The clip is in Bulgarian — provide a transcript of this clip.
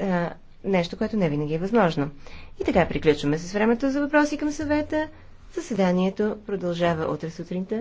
а, е, нещо, което не винаги е възможно. И така приключваме с времето за въпроси към съвета. Заседанието продължава утре сутринта.